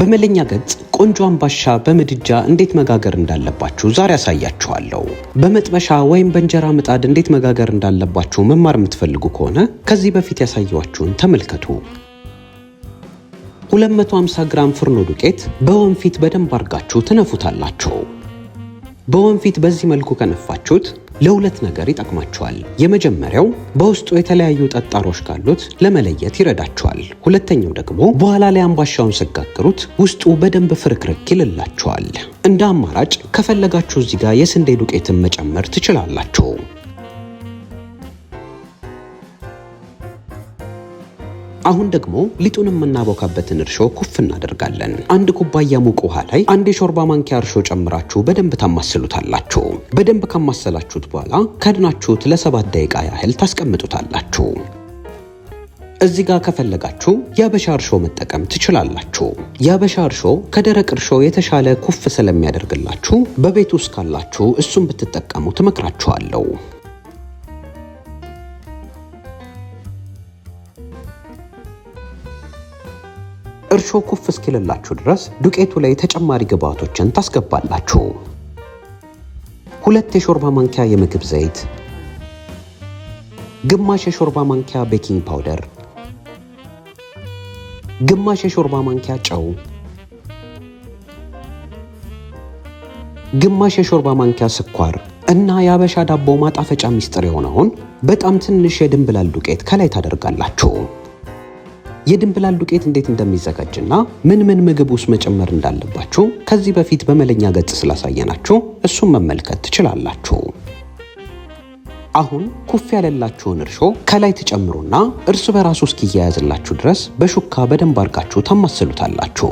በመለኛ ገጽ ቆንጆ አምባሻ በምድጃ እንዴት መጋገር እንዳለባችሁ ዛሬ ያሳያችኋለሁ። በመጥበሻ ወይም በእንጀራ ምጣድ እንዴት መጋገር እንዳለባችሁ መማር የምትፈልጉ ከሆነ ከዚህ በፊት ያሳየኋችሁን ተመልከቱ። 250 ግራም ፍርኖ ዱቄት በወንፊት በደንብ አርጋችሁ ትነፉታላችሁ። በወንፊት በዚህ መልኩ ከነፋችሁት ለሁለት ነገር ይጠቅማቸዋል። የመጀመሪያው በውስጡ የተለያዩ ጠጣሮች ካሉት ለመለየት ይረዳቸዋል። ሁለተኛው ደግሞ በኋላ ላይ አምባሻውን ስጋግሩት ውስጡ በደንብ ፍርክርክ ይልላቸዋል። እንደ አማራጭ ከፈለጋችሁ እዚህ ጋር የስንዴ ዱቄትን መጨመር ትችላላችሁ። አሁን ደግሞ ሊጡን የምናቦካበትን እርሾ ኩፍ እናደርጋለን። አንድ ኩባያ ሙቅ ውሃ ላይ አንድ የሾርባ ማንኪያ እርሾ ጨምራችሁ በደንብ ታማስሉታላችሁ። በደንብ ካማሰላችሁት በኋላ ከድናችሁት ለሰባት ደቂቃ ያህል ታስቀምጡታላችሁ። እዚህ ጋር ከፈለጋችሁ የአበሻ እርሾ መጠቀም ትችላላችሁ። የአበሻ እርሾ ከደረቅ እርሾ የተሻለ ኩፍ ስለሚያደርግላችሁ በቤት ውስጥ ካላችሁ እሱን ብትጠቀሙ ትመክራችኋለሁ። እርሾ ኩፍ እስኪልላችሁ ድረስ ዱቄቱ ላይ ተጨማሪ ግብአቶችን ታስገባላችሁ። ሁለት የሾርባ ማንኪያ የምግብ ዘይት፣ ግማሽ የሾርባ ማንኪያ ቤኪንግ ፓውደር፣ ግማሽ የሾርባ ማንኪያ ጨው፣ ግማሽ የሾርባ ማንኪያ ስኳር እና የአበሻ ዳቦ ማጣፈጫ ሚስጥር የሆነውን በጣም ትንሽ የድንብላል ዱቄት ከላይ ታደርጋላችሁ። የድንብላል ዱቄት እንዴት እንደሚዘጋጅና ምን ምን ምግብ ውስጥ መጨመር እንዳለባችሁ ከዚህ በፊት በመለኛ ገጽ ስላሳየናችሁ እሱን መመልከት ትችላላችሁ። አሁን ኩፍ ያለላችሁን እርሾ ከላይ ትጨምሩና እርስ በራሱ እስኪያያዝላችሁ ድረስ በሹካ በደንብ አድርጋችሁ ታማስሉታላችሁ።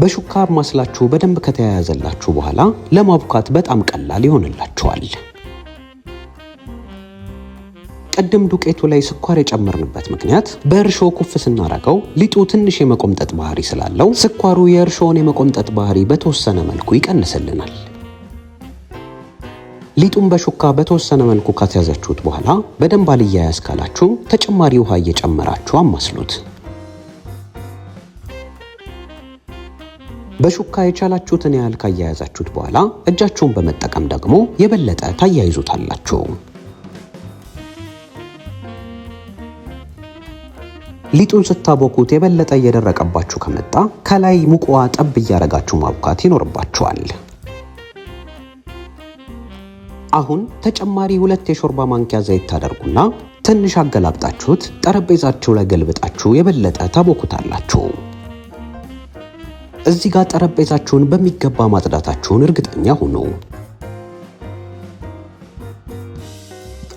በሹካ ማስላችሁ በደንብ ከተያያዘላችሁ በኋላ ለማቡካት በጣም ቀላል ይሆንላችኋል። ቅድም ዱቄቱ ላይ ስኳር የጨመርንበት ምክንያት በእርሾ ኩፍ ስናረገው ሊጡ ትንሽ የመቆምጠጥ ባህሪ ስላለው ስኳሩ የእርሾውን የመቆምጠጥ ባህሪ በተወሰነ መልኩ ይቀንስልናል። ሊጡን በሹካ በተወሰነ መልኩ ከተያዛችሁት በኋላ በደንብ አልያያዝ ካላችሁ ተጨማሪ ውሃ እየጨመራችሁ አማስሉት። በሹካ የቻላችሁትን ያህል ካያያዛችሁት በኋላ እጃችሁን በመጠቀም ደግሞ የበለጠ ታያይዙታላችሁ። ሊጡን ስታቦኩት የበለጠ እየደረቀባችሁ ከመጣ ከላይ ሙቅ ውሃ ጠብ እያረጋችሁ ማቡካት ይኖርባችኋል። አሁን ተጨማሪ ሁለት የሾርባ ማንኪያ ዘይት ታደርጉና ትንሽ አገላብጣችሁት ጠረጴዛችሁ ላይ ገልብጣችሁ የበለጠ ታቦኩታላችሁ። እዚህ ጋር ጠረጴዛችሁን በሚገባ ማጽዳታችሁን እርግጠኛ ሁኑ።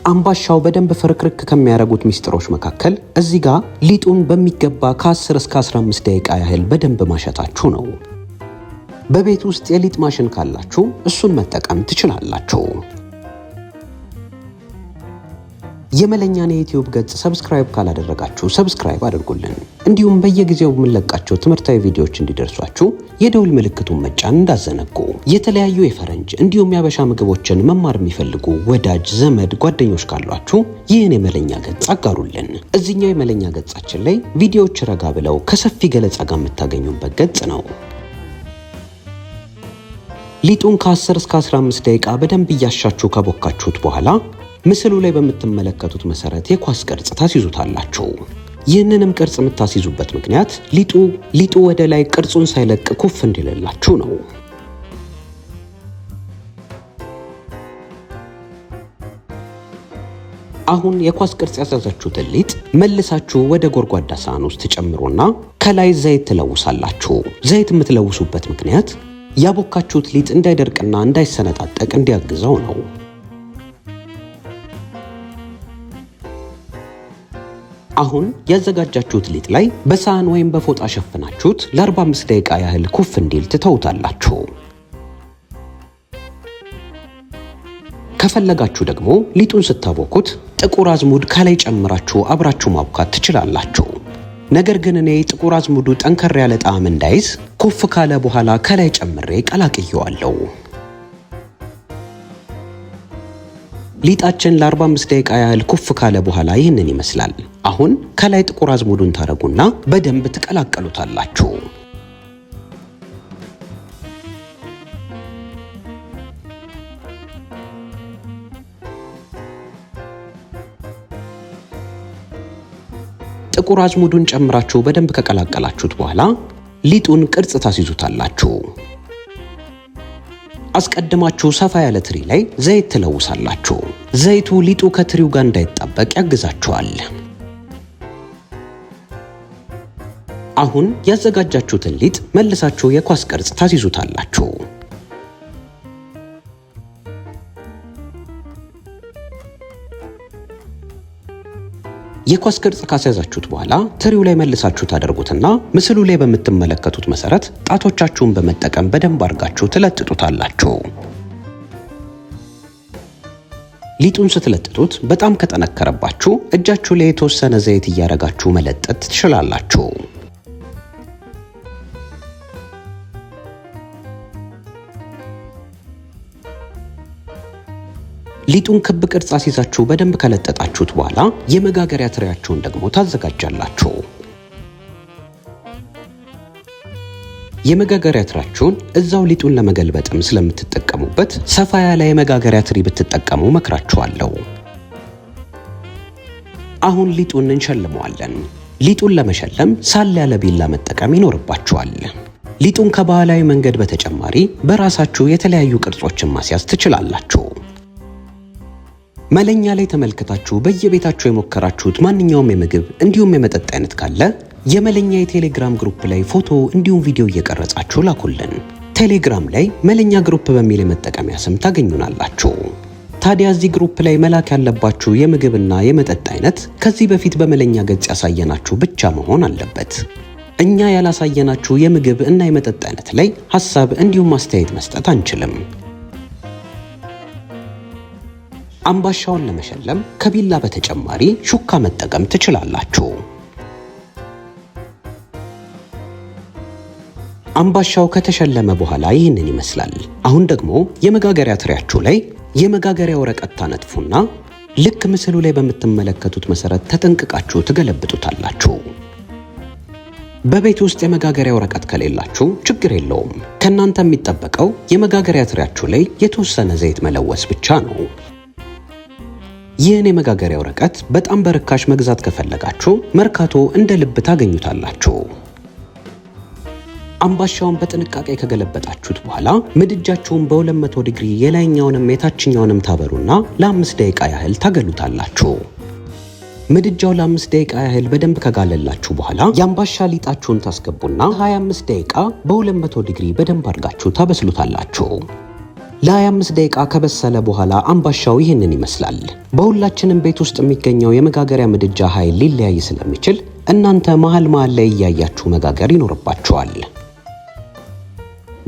አምባሻው በደንብ ፍርክርክ ከሚያደርጉት ሚስጥሮች መካከል እዚህ ጋር ሊጡን በሚገባ ከ10 እስከ 15 ደቂቃ ያህል በደንብ ማሸታችሁ ነው። በቤት ውስጥ የሊጥ ማሽን ካላችሁ እሱን መጠቀም ትችላላችሁ። የመለኛን የዩትዩብ ገጽ ሰብስክራይብ ካላደረጋችሁ ሰብስክራይብ አድርጉልን። እንዲሁም በየጊዜው የምንለቃቸው ትምህርታዊ ቪዲዮዎች እንዲደርሷችሁ የደውል ምልክቱን መጫን እንዳዘነጉ። የተለያዩ የፈረንጅ እንዲሁም የአበሻ ምግቦችን መማር የሚፈልጉ ወዳጅ ዘመድ፣ ጓደኞች ካሏችሁ ይህን የመለኛ ገጽ አጋሩልን። እዚኛው የመለኛ ገጻችን ላይ ቪዲዮዎች ረጋ ብለው ከሰፊ ገለጻ ጋር የምታገኙበት ገጽ ነው። ሊጡን ከ10 እስከ 15 ደቂቃ በደንብ እያሻችሁ ከቦካችሁት በኋላ ምስሉ ላይ በምትመለከቱት መሰረት የኳስ ቅርጽ ታስይዙታላችሁ። ይህንንም ቅርጽ የምታስይዙበት ምክንያት ሊጡ ሊጡ ወደ ላይ ቅርጹን ሳይለቅ ኩፍ እንዲልላችሁ ነው። አሁን የኳስ ቅርጽ ያሳዛችሁትን ሊጥ መልሳችሁ ወደ ጎድጓዳ ሳህን ውስጥ ጨምሮና ከላይ ዘይት ትለውሳላችሁ። ዘይት የምትለውሱበት ምክንያት ያቦካችሁት ሊጥ እንዳይደርቅና እንዳይሰነጣጠቅ እንዲያግዘው ነው። አሁን ያዘጋጃችሁት ሊጥ ላይ በሳህን ወይም በፎጣ ሸፍናችሁት ለ45 ደቂቃ ያህል ኩፍ እንዲል ትተውታላችሁ። ከፈለጋችሁ ደግሞ ሊጡን ስታቦኩት ጥቁር አዝሙድ ከላይ ጨምራችሁ አብራችሁ ማቡካት ትችላላችሁ። ነገር ግን እኔ ጥቁር አዝሙዱ ጠንከር ያለ ጣዕም እንዳይዝ ኩፍ ካለ በኋላ ከላይ ጨምሬ ቀላቅየዋለሁ። ሊጣችን ለ45 ደቂቃ ያህል ኩፍ ካለ በኋላ ይህንን ይመስላል። አሁን ከላይ ጥቁር አዝሙዱን ታረጉና በደንብ ትቀላቀሉታላችሁ። ጥቁር አዝሙዱን ጨምራችሁ በደንብ ከቀላቀላችሁት በኋላ ሊጡን ቅርጽ ታስይዙታላችሁ። አስቀድማችሁ ሰፋ ያለ ትሪ ላይ ዘይት ትለውሳላችሁ። ዘይቱ ሊጡ ከትሪው ጋር እንዳይጣበቅ ያግዛችኋል። አሁን ያዘጋጃችሁትን ሊጥ መልሳችሁ የኳስ ቅርጽ ታስይዙታላችሁ። የኳስ ቅርጽ ካስያዛችሁት በኋላ ትሪው ላይ መልሳችሁ ታደርጉትና ምስሉ ላይ በምትመለከቱት መሰረት ጣቶቻችሁን በመጠቀም በደንብ አድርጋችሁ ትለጥጡታላችሁ። ሊጡን ስትለጥጡት በጣም ከጠነከረባችሁ እጃችሁ ላይ የተወሰነ ዘይት እያደረጋችሁ መለጠጥ ትችላላችሁ። ሊጡን ክብ ቅርጽ አስይዛችሁ በደንብ ከለጠጣችሁት በኋላ የመጋገሪያ ትሪያችሁን ደግሞ ታዘጋጃላችሁ። የመጋገሪያ ትሪያችሁን እዛው ሊጡን ለመገልበጥም ስለምትጠቀሙበት ሰፋ ያለ የመጋገሪያ ትሪ ብትጠቀሙ መክራችኋለሁ። አሁን ሊጡን እንሸልመዋለን። ሊጡን ለመሸለም ሳል ያለ ቢላ መጠቀም ይኖርባችኋል። ሊጡን ከባህላዊ መንገድ በተጨማሪ በራሳችሁ የተለያዩ ቅርጾችን ማስያዝ ትችላላችሁ። መለኛ ላይ ተመልክታችሁ በየቤታችሁ የሞከራችሁት ማንኛውም የምግብ እንዲሁም የመጠጥ አይነት ካለ የመለኛ የቴሌግራም ግሩፕ ላይ ፎቶ እንዲሁም ቪዲዮ እየቀረጻችሁ ላኩልን። ቴሌግራም ላይ መለኛ ግሩፕ በሚል የመጠቀሚያ ስም ታገኙናላችሁ። ታዲያ እዚህ ግሩፕ ላይ መላክ ያለባችሁ የምግብና የመጠጥ አይነት ከዚህ በፊት በመለኛ ገጽ ያሳየናችሁ ብቻ መሆን አለበት። እኛ ያላሳየናችሁ የምግብ እና የመጠጥ አይነት ላይ ሀሳብ እንዲሁም አስተያየት መስጠት አንችልም። አምባሻውን ለመሸለም ከቢላ በተጨማሪ ሹካ መጠቀም ትችላላችሁ። አምባሻው ከተሸለመ በኋላ ይህንን ይመስላል። አሁን ደግሞ የመጋገሪያ ትሪያችሁ ላይ የመጋገሪያ ወረቀት ታነጥፉና ልክ ምስሉ ላይ በምትመለከቱት መሰረት ተጠንቅቃችሁ ትገለብጡታላችሁ። በቤት ውስጥ የመጋገሪያ ወረቀት ከሌላችሁ ችግር የለውም። ከእናንተ የሚጠበቀው የመጋገሪያ ትሪያችሁ ላይ የተወሰነ ዘይት መለወስ ብቻ ነው። ይህን የመጋገሪያ ወረቀት በጣም በርካሽ መግዛት ከፈለጋችሁ መርካቶ እንደ ልብ ታገኙታላችሁ። አምባሻውን በጥንቃቄ ከገለበጣችሁት በኋላ ምድጃችሁን በ200 ዲግሪ የላይኛውንም የታችኛውንም ታበሩና ለአምስት ደቂቃ ያህል ታገሉታላችሁ። ምድጃው ለአምስት ደቂቃ ያህል በደንብ ከጋለላችሁ በኋላ የአምባሻ ሊጣችሁን ታስገቡና 25 ደቂቃ በ200 ዲግሪ በደንብ አድርጋችሁ ታበስሉታላችሁ። ለ25 ደቂቃ ከበሰለ በኋላ አምባሻው ይህንን ይመስላል። በሁላችንም ቤት ውስጥ የሚገኘው የመጋገሪያ ምድጃ ኃይል ሊለያይ ስለሚችል እናንተ መሀል መሀል ላይ እያያችሁ መጋገር ይኖርባችኋል።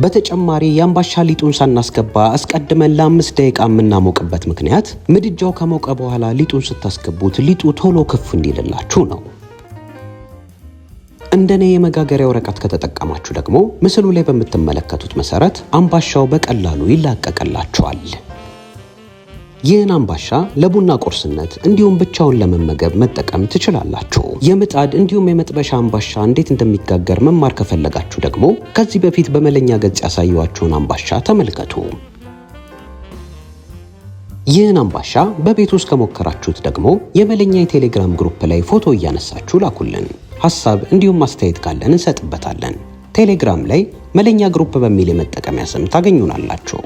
በተጨማሪ የአምባሻ ሊጡን ሳናስገባ አስቀድመን ለአምስት ደቂቃ የምናሞቅበት ምክንያት ምድጃው ከሞቀ በኋላ ሊጡን ስታስገቡት ሊጡ ቶሎ ክፍ እንዲልላችሁ ነው። እንደኔ የመጋገሪያ ወረቀት ከተጠቀማችሁ ደግሞ ምስሉ ላይ በምትመለከቱት መሰረት አምባሻው በቀላሉ ይላቀቅላችኋል። ይህን አምባሻ ለቡና ቁርስነት እንዲሁም ብቻውን ለመመገብ መጠቀም ትችላላችሁ። የምጣድ እንዲሁም የመጥበሻ አምባሻ እንዴት እንደሚጋገር መማር ከፈለጋችሁ ደግሞ ከዚህ በፊት በመለኛ ገጽ ያሳየኋችሁን አምባሻ ተመልከቱ። ይህን አምባሻ በቤት ውስጥ ከሞከራችሁት ደግሞ የመለኛ የቴሌግራም ግሩፕ ላይ ፎቶ እያነሳችሁ ላኩልን። ሐሳብ እንዲሁም አስተያየት ካለን እንሰጥበታለን። ቴሌግራም ላይ መለኛ ግሩፕ በሚል የመጠቀሚያ ስም ታገኙናላችሁ።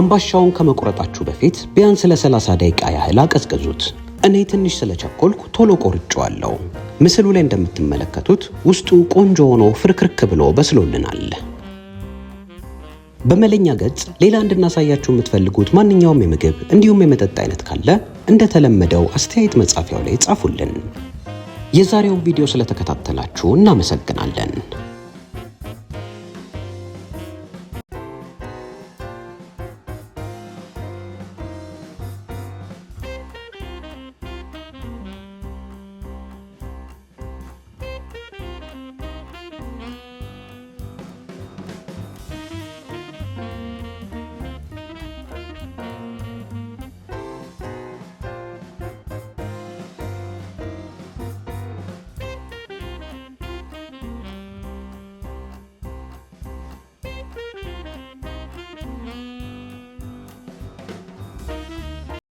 አምባሻውን ከመቁረጣችሁ በፊት ቢያንስ ለ30 ደቂቃ ያህል አቀዝቅዙት። እኔ ትንሽ ስለቸኮልኩ ቶሎ ቆርጬዋለሁ። ምስሉ ላይ እንደምትመለከቱት ውስጡ ቆንጆ ሆኖ ፍርክርክ ብሎ በስሎልናል። በመለኛ ገጽ ሌላ እንድናሳያችሁ የምትፈልጉት ማንኛውም የምግብ እንዲሁም የመጠጥ አይነት ካለ እንደተለመደው አስተያየት መጻፊያው ላይ ጻፉልን። የዛሬውን ቪዲዮ ስለተከታተላችሁ እናመሰግናለን።